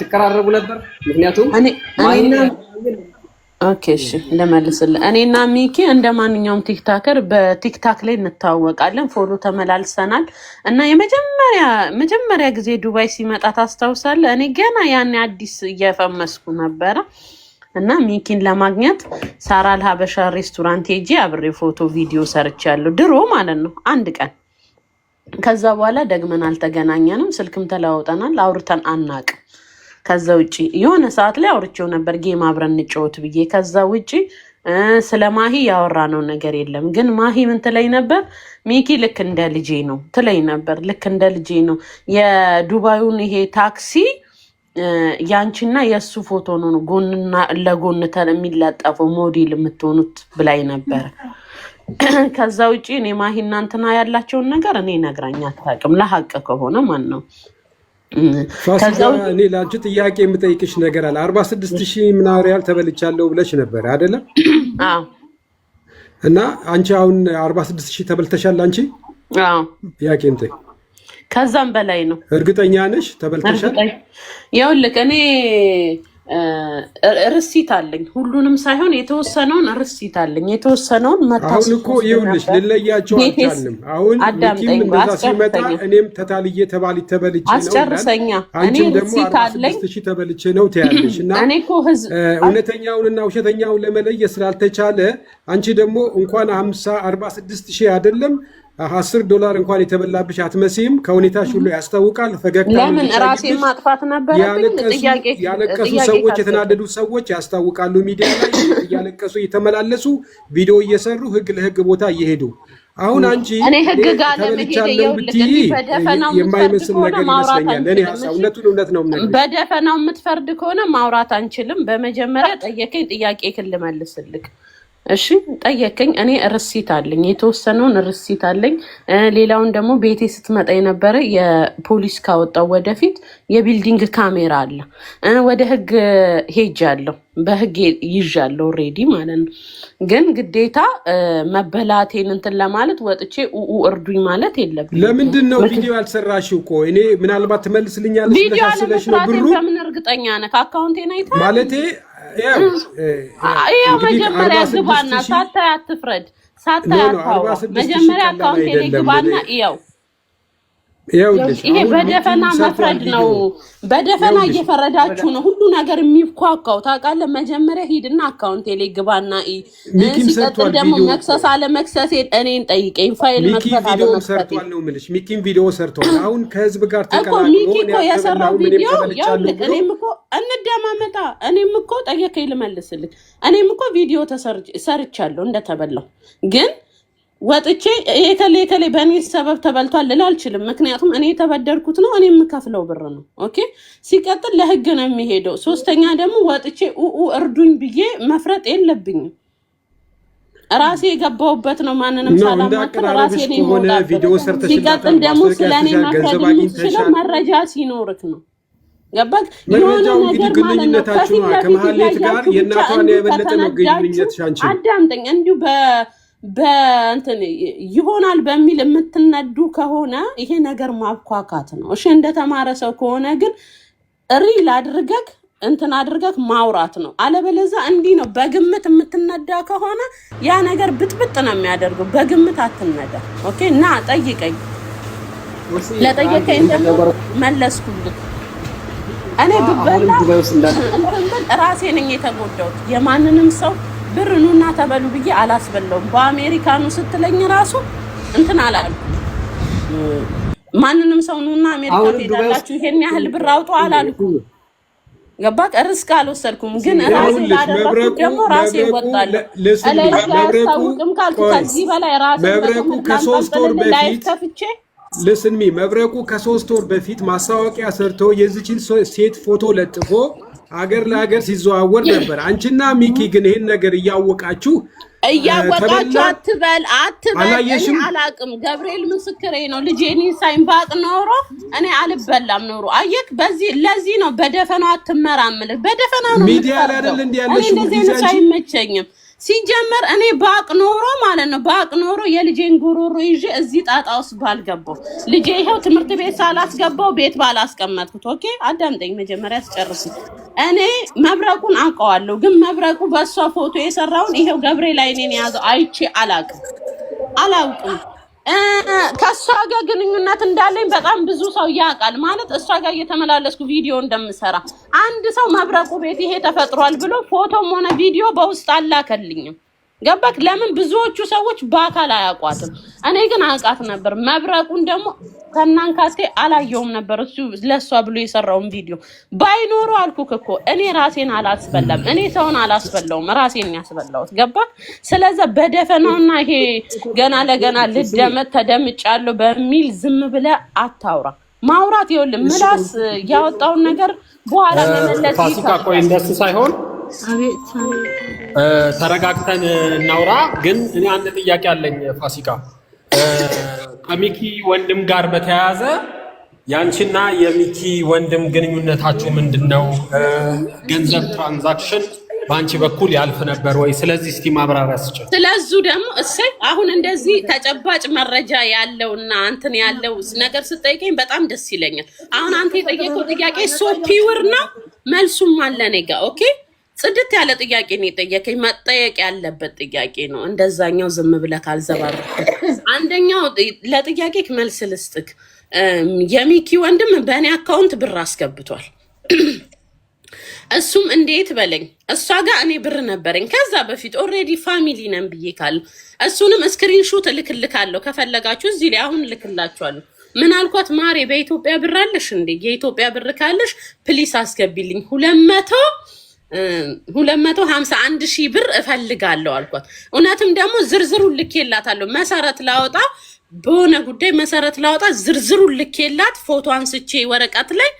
ትቀራረቡ ነበር። ምክንያቱም እሺ፣ እንደመልስልህ እኔና ሚኪ እንደ ማንኛውም ቲክታከር በቲክታክ ላይ እንታወቃለን። ፎሎ ተመላልሰናል እና የመጀመሪያ መጀመሪያ ጊዜ ዱባይ ሲመጣ ታስታውሳለህ? እኔ ገና ያኔ አዲስ እየፈመስኩ ነበረ እና ሚኪን ለማግኘት ሳራ አልሀበሻ ሬስቶራንት ሄጄ አብሬ ፎቶ ቪዲዮ ሰርቻለሁ። ድሮ ማለት ነው አንድ ቀን ከዛ በኋላ ደግመን አልተገናኘንም። ስልክም ተለዋውጠናል፣ አውርተን አናቅም። ከዛ ውጭ የሆነ ሰዓት ላይ አውርቼው ነበር ጌም አብረን እንጫወት ብዬ። ከዛ ውጭ ስለ ማሂ ያወራነው ነገር የለም። ግን ማሂ ምን ትለኝ ነበር? ሚኪ ልክ እንደ ልጄ ነው ትለኝ ነበር። ልክ እንደ ልጄ ነው። የዱባዩን ይሄ ታክሲ ያንቺና የእሱ ፎቶ ነው ጎንና ለጎን የሚላጠፈው ሞዴል የምትሆኑት ብላኝ ነበረ። ከዛ ውጭ እኔ ማሂ እናንትና ያላቸውን ነገር እኔ ነግራኝ አታውቅም። ለሀቅ ከሆነ ማን ነው እኔ ለአንቺ ጥያቄ የምጠይቅሽ ነገር አለ። አርባ ስድስት ሺህ ምናምን ሪያል ተበልቻለሁ ብለሽ ነበር አይደለም? እና አንቺ አሁን አርባ ስድስት ሺህ ተበልተሻል። አንቺ ጥያቄ የምጠይቅ ከዛም በላይ ነው። እርግጠኛ ነሽ ተበልተሻል? ይኸውልህ እኔ ርሲት አለኝ። ሁሉንም ሳይሆን የተወሰነውን ርሲት አለኝ። የተወሰነውን መታሁን እኮ ይኸውልሽ፣ ልለያቸው አልቻልም። አሁን አዳምጠኝ፣ አስጨርሰኝ። እኔም ተታልዬ ተባል ተበልቼ ነው አስጨርሰኛ። እኔ ርሲት አለኝ ተበልቼ ነው ትያለሽ። እና እኔ እኮ ህዝብ እውነተኛውን እና ውሸተኛውን ለመለየት ስላልተቻለ አንቺ ደግሞ እንኳን ሀምሳ አርባ ስድስት ሺህ አይደለም አስር ዶላር እንኳን የተበላብሽ አትመሲም። ከሁኔታሽ ሁሉ ያስታውቃል። ፈገግታ ለምን ራሴን ማጥፋት ነበር? ያለቀሱ ሰዎች፣ የተናደዱ ሰዎች ያስታውቃሉ። ሚዲያ ላይ እያለቀሱ እየተመላለሱ ቪዲዮ እየሰሩ ህግ ለህግ ቦታ እየሄዱ አሁን አንቺ እኔ ህግ ጋር ለመሄድ ብትይ የማይመስል ነገር ይመስለኛል። እኔ ሀሳብ እውነቱን እውነት ነው። በደፈናው የምትፈርድ ከሆነ ማውራት አንችልም። በመጀመሪያ ጠየቀኝ ጥያቄ ክልመልስልክ እሺ ጠየቀኝ። እኔ ርሲት አለኝ፣ የተወሰነውን ርሲት አለኝ። ሌላውን ደግሞ ቤቴ ስትመጣ የነበረ የፖሊስ ካወጣው ወደፊት የቢልዲንግ ካሜራ አለ። ወደ ህግ ሄጃለሁ፣ በህግ ይዣለሁ ሬዲ ማለት ነው። ግን ግዴታ መበላቴን እንትን ለማለት ወጥቼ ኡ እርዱኝ ማለት የለብኝ። ለምንድን ነው ቪዲዮ ያልሰራሽው? እኮ እኔ ምናልባት ትመልስልኛለሽ። ቪዲዮ ከምን እርግጠኛ ነህ? ከአካውንቴን አይተሃል ማለቴ ይኸው መጀመሪያ ግባና ሳታይ አትፍረድ፣ ሳታይ አታውራ። መጀመሪያ አካውንቴ ግባና እያው ይሄ በደፈና መፍረድ ነው። በደፈና እየፈረዳችሁ ነው። ሁሉ ነገር የሚኳኳው ታውቃለህ። መጀመሪያ ሂድና አካውንቴ ላይ ግባና ሲቀጥል ደግሞ መክሰስ አለመክሰሴ እኔን ጠይቀኝ። ፋይል መክፈት አለመክፈት ሚኪም ቪዲዮ ሰርተዋል። አሁን ከህዝብ ጋር ተቀላቅሎ ሚኪ እኮ የሰራው ቪዲዮ ያውልቅ። እኔም እኮ እንደማመጣ እኔም እኮ ጠየቀኝ ልመልስልኝ። እኔም እኮ ቪዲዮ ሰርቻለሁ እንደተበላው ግን ወጥቼ የከሌ የከሌ በእኔ ሰበብ ተበልቷል ልል አልችልም። ምክንያቱም እኔ የተበደርኩት ነው እኔ የምከፍለው ብር ነው። ኦኬ። ሲቀጥል ለህግ ነው የሚሄደው። ሶስተኛ ደግሞ ወጥቼ ኡኡ እርዱኝ ብዬ መፍረጥ የለብኝም። ራሴ የገባውበት ነው። ማንንም ሳላማክር ራሴ ሆነ። ሲቀጥል ደግሞ ስለእኔ ማካሄድ የምትችለው መረጃ ሲኖርክ ነው። ገባክ? የሆነ ነገር ማለት ነው ከፊት ለፊት እያያችሁ ብቻ እንዲሁ ከተናዳችሁ አዳምጠኝ እንዲሁ በእንትን ይሆናል በሚል የምትነዱ ከሆነ ይሄ ነገር ማብኳካት ነው። እሺ እንደተማረ ሰው ከሆነ ግን ሪል አድርገክ እንትን አድርገክ ማውራት ነው። አለበለዛ እንዲህ ነው በግምት የምትነዳ ከሆነ ያ ነገር ብጥብጥ ነው የሚያደርገው። በግምት አትነዳ። ኦኬ እና ጠይቀኝ፣ ለጠየቀኝ ደግሞ መለስኩልህ። እኔ ብበላ ራሴ ነኝ የተጎዳሁት የማንንም ሰው ብር ኑና ተበሉ ብዬ አላስበለውም። በአሜሪካኑ ስትለኝ ራሱ እንትን አላሉ ማንንም ሰው ኑና አሜሪካ ትሄዳላችሁ ይሄን ያህል ብር አውጡ አላልኩ። ገባክ? ርስክ አልወሰድኩም፣ ግን ራሴ ላደረኩት ደግሞ ራሴ እወጣለሁ። እላይ አያስታውቅም ካልኩ ከዚህ በላይ ራሴ ላይፍ ከፍቼ ልስንሚ መብረቁ ከሶስት ወር በፊት ማስታወቂያ ሰርቶ የዚችን ሴት ፎቶ ለጥፎ አገር ለሀገር ሲዘዋወር ነበር። አንቺና ሚኪ ግን ይህን ነገር እያወቃችሁ እያወቃችሁ አትበል አትበል፣ እኔ አላቅም። ገብርኤል ምስክሬ ነው። ልጄን ሳይንባጥ ኖሮ እኔ አልበላም ኖሮ። አየክ፣ በዚህ ለዚህ ነው በደፈናው አትመራምልህ። በደፈናው ነው ሚዲያ ላይ አይደል እንዲያለሽ ሳይመቸኝም ሲጀመር እኔ ባቅ ኖሮ ማለት ነው ባቅ ኖሮ የልጄን ጉሮሮ ይዤ እዚህ ጣጣ ውስጥ ባልገባው ልጄ ይኸው ትምህርት ቤት ሳላስገባው ቤት ባላስቀመጥኩት። ኦኬ አዳምጠኝ መጀመሪያ ስጨርስ። እኔ መብረቁን አውቀዋለሁ፣ ግን መብረቁ በእሷ ፎቶ የሰራውን ይሄው ገብሬ ላይ እኔን የያዘው አይቼ አላውቅም አላውቅም ከእሷ ጋር ግንኙነት እንዳለኝ በጣም ብዙ ሰው ያውቃል። ማለት እሷ ጋር እየተመላለስኩ ቪዲዮ እንደምሰራ አንድ ሰው መብረቁ ቤት ይሄ ተፈጥሯል ብሎ ፎቶም ሆነ ቪዲዮ በውስጥ አላከልኝም። ገባክ? ለምን ብዙዎቹ ሰዎች በአካል አያውቋትም። እኔ ግን አውቃት ነበር። መብረቁን ደግሞ ከናንካስቴ አላየውም ነበር እሱ ለእሷ ብሎ የሰራውን ቪዲዮ ባይኖሩ አልኩክ እኮ እኔ ራሴን አላስበላም። እኔ ሰውን አላስበላውም፣ ራሴን ያስበላውት ገባክ? ስለዚ በደፈናውና ይሄ ገና ለገና ልደመት ተደምጫለሁ በሚል ዝም ብለ አታውራ። ማውራት ይኸውልህ ምላስ ያወጣውን ነገር በኋላ መመለስ ፋሲካ ቆይ እንደሱ ሳይሆን ተረጋግተን እናውራ። ግን እኔ አንድ ጥያቄ አለኝ ፋሲካ ከሚኪ ወንድም ጋር በተያያዘ ያንቺና የሚኪ ወንድም ግንኙነታችሁ ምንድን ነው? ገንዘብ ትራንዛክሽን በአንቺ በኩል ያልፍ ነበር ወይ? ስለዚህ እስቲ ማብራሪያ ስጭ። ስለዙ ደግሞ እሰይ አሁን እንደዚህ ተጨባጭ መረጃ ያለውና አንትን ያለው ነገር ስጠይቀኝ በጣም ደስ ይለኛል። አሁን አንተ የጠየቀው ጥያቄ ሶ ፒውር ነው መልሱም አለ እኔ ጋ ኦኬ ጽድት ያለ ጥያቄ ነው የጠየቀኝ። መጠየቅ ያለበት ጥያቄ ነው። እንደዛኛው ዝም ብለህ ካልዘባረቅ። አንደኛው ለጥያቄ መልስ ልስጥክ። የሚኪ ወንድም በእኔ አካውንት ብር አስገብቷል። እሱም እንዴት በለኝ፣ እሷ ጋር እኔ ብር ነበረኝ ከዛ በፊት ኦልሬዲ ፋሚሊ ነን ብዬ ካል እሱንም ስክሪንሾት እልክልካለሁ ከፈለጋችሁ እዚህ ላይ አሁን እልክላችኋለሁ። ምን አልኳት ማሬ፣ በኢትዮጵያ ብር አለሽ እንዴ? የኢትዮጵያ ብር ካለሽ ፕሊስ አስገቢልኝ ሁለት መቶ ሁለት መቶ ሀምሳ አንድ ሺህ ብር እፈልጋለሁ አልኳት። እውነትም ደግሞ ዝርዝሩን ልኬላታለሁ። መሰረት ላወጣ በሆነ ጉዳይ መሰረት ላወጣ ዝርዝሩን ልኬላት ፎቶ አንስቼ ወረቀት ላይ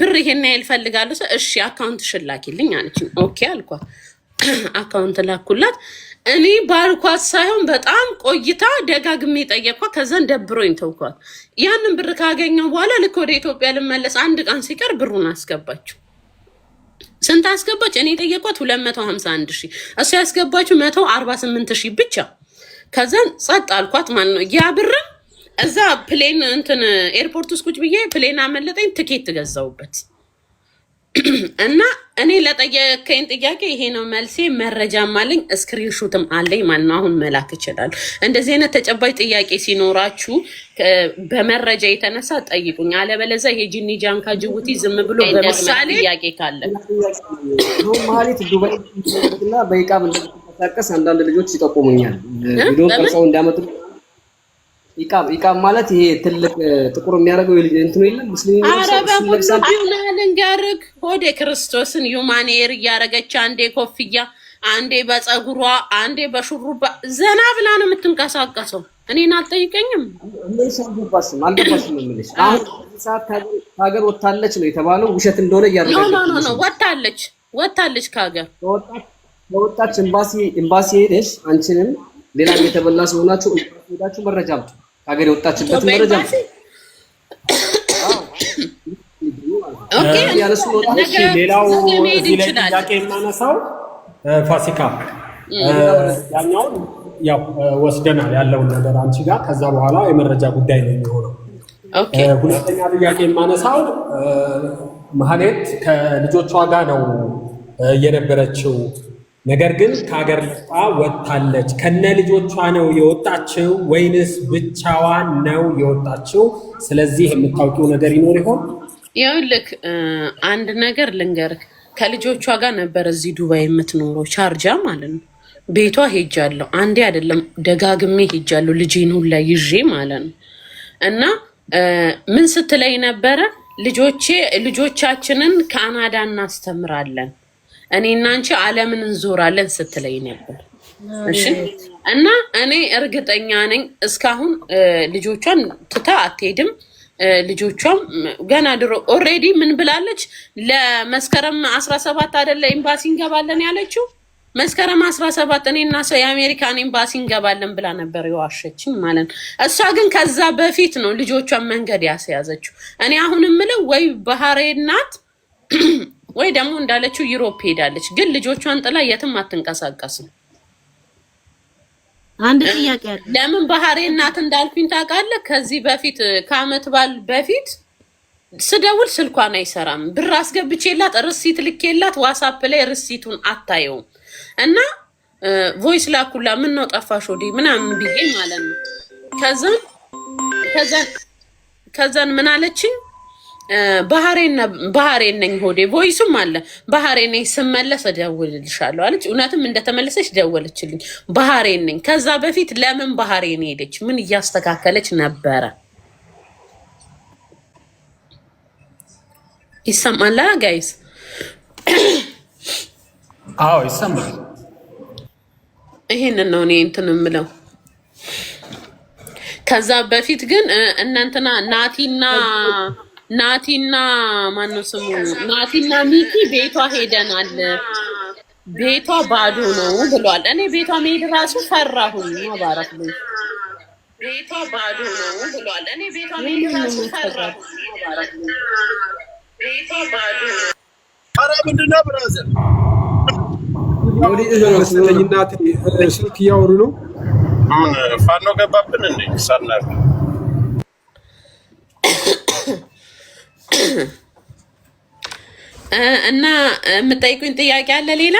ብር ይሄን ያህል እፈልጋለሁ። እሺ አካውንት ሽላኪልኝ አለች። ኦኬ አልኳት። አካውንት ላኩላት። እኔ ባልኳት ሳይሆን በጣም ቆይታ ደጋግሜ ጠየቅኳት። ከዛን ደብሮኝ ተውኳት። ያንን ብር ካገኘው በኋላ ልክ ወደ ኢትዮጵያ ልመለስ አንድ ቀን ሲቀር ብሩን አስገባችው። ስንት አስገባች? እኔ የጠየኳት 251 ሺ እሱ ያስገባችው 148 ሺ ብቻ። ከዛን ጸጥ አልኳት ማለት ነው። ያ ብር እዛ ፕሌን እንትን ኤርፖርት ውስጥ ቁጭ ብዬ ፕሌን አመለጠኝ፣ ትኬት ገዛውበት። እና እኔ ለጠየቀኝ ጥያቄ ይሄ ነው መልሴ። መረጃም አለኝ እስክሪንሹትም አለኝ ማን ነው። አሁን መላክ ይችላል። እንደዚህ አይነት ተጨባጭ ጥያቄ ሲኖራችሁ በመረጃ የተነሳ ጠይቁኝ። አለበለዚያ ይሄ ጂኒ ጃንካ ጅቡቲ ዝም ብሎ በምሳሌ ጥያቄ ካለ ማለት ዱባይና በይቃም እንደምትንቀሳቀስ አንዳንድ ልጆች ይጠቁሙኛል። ቪዲዮ ቀርጸው እንዳመጡ ይቃብ ይቃብ ማለት ይሄ ትልቅ ጥቁር የሚያደርገው እንትኑ የለም ሙስሊም ልንገርህ፣ ሆዴ ክርስቶስን ዩማኔር እያደረገች አንዴ ኮፍያ፣ አንዴ በፀጉሯ፣ አንዴ በሹሩባ ዘና ብላ ነው የምትንቀሳቀሰው። እኔን አልጠይቀኝም። አልገባሽም አልገባሽም የምልሽ አሁን ሰዓት ከሀገር ወታለች ነው የተባለው ውሸት እንደሆነ እያደረገች ነው። ወታለች ወታለች ከሀገር ከወጣች ኤምባሲ ኤምባሲ ሄደሽ አንቺንም ሌላ የተበላ ሆናችሁ ሄዳችሁ መረጃ አምጡ። ሀገር የወጣችበት መረጃ ሌላው እዚህ ላይ ጥያቄ የማነሳው ፋሲካ ያኛውን ያው ወስደናል ያለውን ነገር አንቺ ጋር ከዛ በኋላ የመረጃ ጉዳይ ነው የሚሆነው። ሁለተኛ ጥያቄ የማነሳው ማህሌት ከልጆቿ ጋር ነው የነበረችው ነገር ግን ከሀገር ልጣ ወጥታለች። ከነ ልጆቿ ነው የወጣችው ወይንስ ብቻዋን ነው የወጣችው? ስለዚህ የምታውቂው ነገር ይኖር ይሆን? ልክ አንድ ነገር ልንገርህ፣ ከልጆቿ ጋር ነበር እዚህ ዱባይ የምትኖረው ቻርጃ ማለት ነው። ቤቷ ሄጃለሁ፣ አንዴ አይደለም ደጋግሜ ሄጃለሁ፣ ልጄን ሁላ ይዤ ማለት ነው። እና ምን ስትለይ ነበረ? ልጆቼ ልጆቻችንን ከአናዳ እናስተምራለን እኔ እናንቺ ዓለምን እንዞራለን ስትለይ ነበር። እሺ እና እኔ እርግጠኛ ነኝ እስካሁን ልጆቿን ትታ አትሄድም። ልጆቿም ገና ድሮ ኦሬዲ ምን ብላለች? ለመስከረም አስራ ሰባት አደለ ኤምባሲ እንገባለን ያለችው መስከረም አስራ ሰባት እና ሰው የአሜሪካን ኤምባሲ እንገባለን ብላ ነበር የዋሸችኝ ማለት ነው። እሷ ግን ከዛ በፊት ነው ልጆቿን መንገድ ያስያዘችው። እኔ አሁን ምለው ወይ ባህሬ ናት ወይ ደግሞ እንዳለችው ዩሮፕ ሄዳለች። ግን ልጆቿን ጥላ የትም አትንቀሳቀስም። አንድ ጥያቄ አለ። ለምን ባህሬ እናት እንዳልኩኝ ታውቃለህ? ከዚህ በፊት ከአመት ባል በፊት ስደውል ስልኳን አይሰራም። ብር አስገብቼላት ርሲት ልኬላት ዋሳፕ ላይ ርሲቱን አታየውም እና ቮይስ ላኩላ ምን ነው ጠፋሽ ወዲ ምናምን ብዬ ማለት ነው። ከዛን ከዛን ምን አለችኝ ባህሬን ነኝ ሆዴ ቮይሱም አለ ባህሬን ነኝ ስመለስ እደውልልሻለሁ አለች። እውነትም እንደተመለሰች ደወለችልኝ። ባህሬን ነኝ። ከዛ በፊት ለምን ባህሬን ሄደች? ምን እያስተካከለች ነበረ? ይሰማል ጋይስ? አዎ ይሰማል። ይሄንን ነው እኔ እንትን የምለው። ከዛ በፊት ግን እናንትና ናቲና ናቲና ማነው ስሙ? ናቲና ሚኪ ቤቷ ሄደናል፣ ቤቷ ባዶ ነው ብሏል። እኔ ቤቷ መሄድ ራሱ ፈራሁኝ። ማባረክ ነው ቤቷ ባዶ ነው ብሏል። እኔ ቤቷ መሄድ ራሱ ፈራሁኝ። ማባረክ ነው ቤቷ ባዶ ነው። ኧረ ምንድን ነው ብራዘር? ወዲ እዘነስልኝና ስልክ እያወሩ ነው። ምን ፋኖ ገባብን እንዴ? ሳናቅ እና የምጠይቁኝ ጥያቄ አለ ሌላ